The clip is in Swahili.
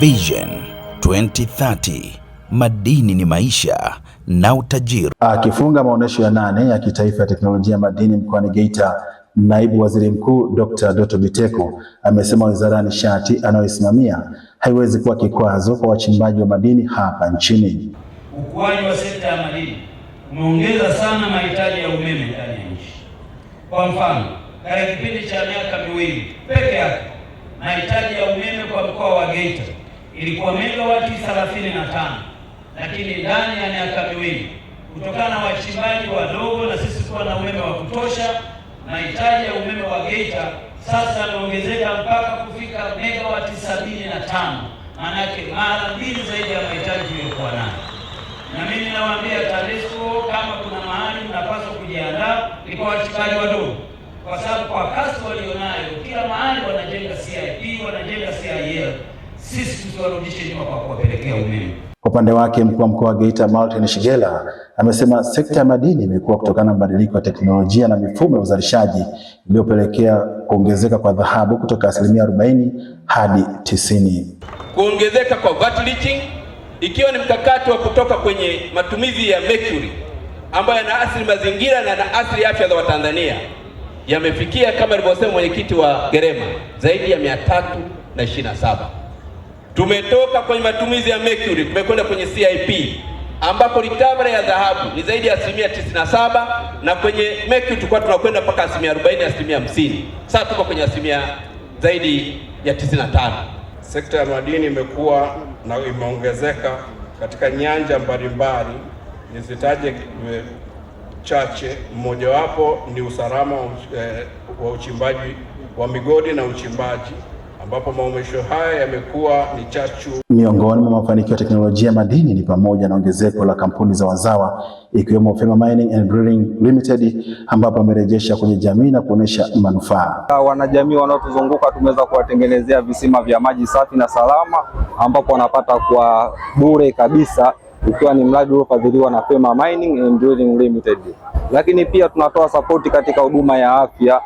Vision 2030 madini ni maisha na utajiri. Akifunga maonyesho ya nane ya kitaifa ya teknolojia ya madini mkoani Geita, naibu waziri mkuu Dr. Doto Biteko amesema wizara ya nishati anayoisimamia haiwezi kuwa kikwazo kwa wachimbaji wa madini hapa nchini. Ukuaji wa sekta ya madini umeongeza sana mahitaji ya umeme ndani ya nchi. Kwa mfano, katika kipindi cha miaka miwili peke yake mahitaji ya umeme kwa mkoa wa Geita ilikuwa megawati 35 lakini ndani ya miaka miwili, kutokana na wachimbaji wadogo na sisi kuwa na umeme wa kutosha, mahitaji ya umeme wa Geita sasa yameongezeka mpaka kufika megawati 75, yake mara mbili zaidi ya mahitaji iliyokuwa nayo. Na mimi nawaambia TANESCO, kama kuna mahali mnapaswa kujiandaa ni kwa wachimbaji wadogo, kwa sababu kwa kasi walionayo, kila mahali wanajenga CIP, wanajenga CIL sisi tusiwarudishe nyuma kwa kuwapelekea umeme. Kwa upande wake mkuu wa mkoa wa Geita Martin Shigela amesema sekta ya madini imekuwa kutokana na mabadiliko ya teknolojia na mifumo ya uzalishaji iliyopelekea kuongezeka kwa dhahabu kutoka asilimia 40 hadi 90. Kuongezeka kwa vat leaching ikiwa ni mkakati wa kutoka kwenye matumizi ya mercury ambayo asili mazingira na asili afya za Watanzania yamefikia kama alivyosema mwenyekiti wa Gerema zaidi ya mia tatu na ishirini saba. Tumetoka kwenye matumizi ya mercury tumekwenda kwenye CIP ambapo recovery ya dhahabu ni zaidi ya asilimia 97 na kwenye mercury tulikuwa tunakwenda mpaka asilimia 40, asilimia 50. Sasa tuko kwenye asilimia zaidi ya 95. Sekta ya madini imekuwa na imeongezeka katika nyanja mbalimbali, nizitaje chache. Mmojawapo ni usalama eh, wa uchimbaji wa migodi na uchimbaji ambapo maonyesho haya yamekuwa ni chachu. Miongoni mwa mafanikio ya teknolojia madini ni pamoja na ongezeko la kampuni za wazawa ikiwemo Fema Mining and Drilling Limited ambapo amerejesha kwenye jamii na kuonyesha manufaa. Wanajamii wanaotuzunguka tumeweza kuwatengenezea visima vya maji safi na salama ambapo wanapata kwa bure kabisa ikiwa ni mradi uliofadhiliwa na Fema Mining and Drilling Limited. Lakini pia tunatoa sapoti katika huduma ya afya.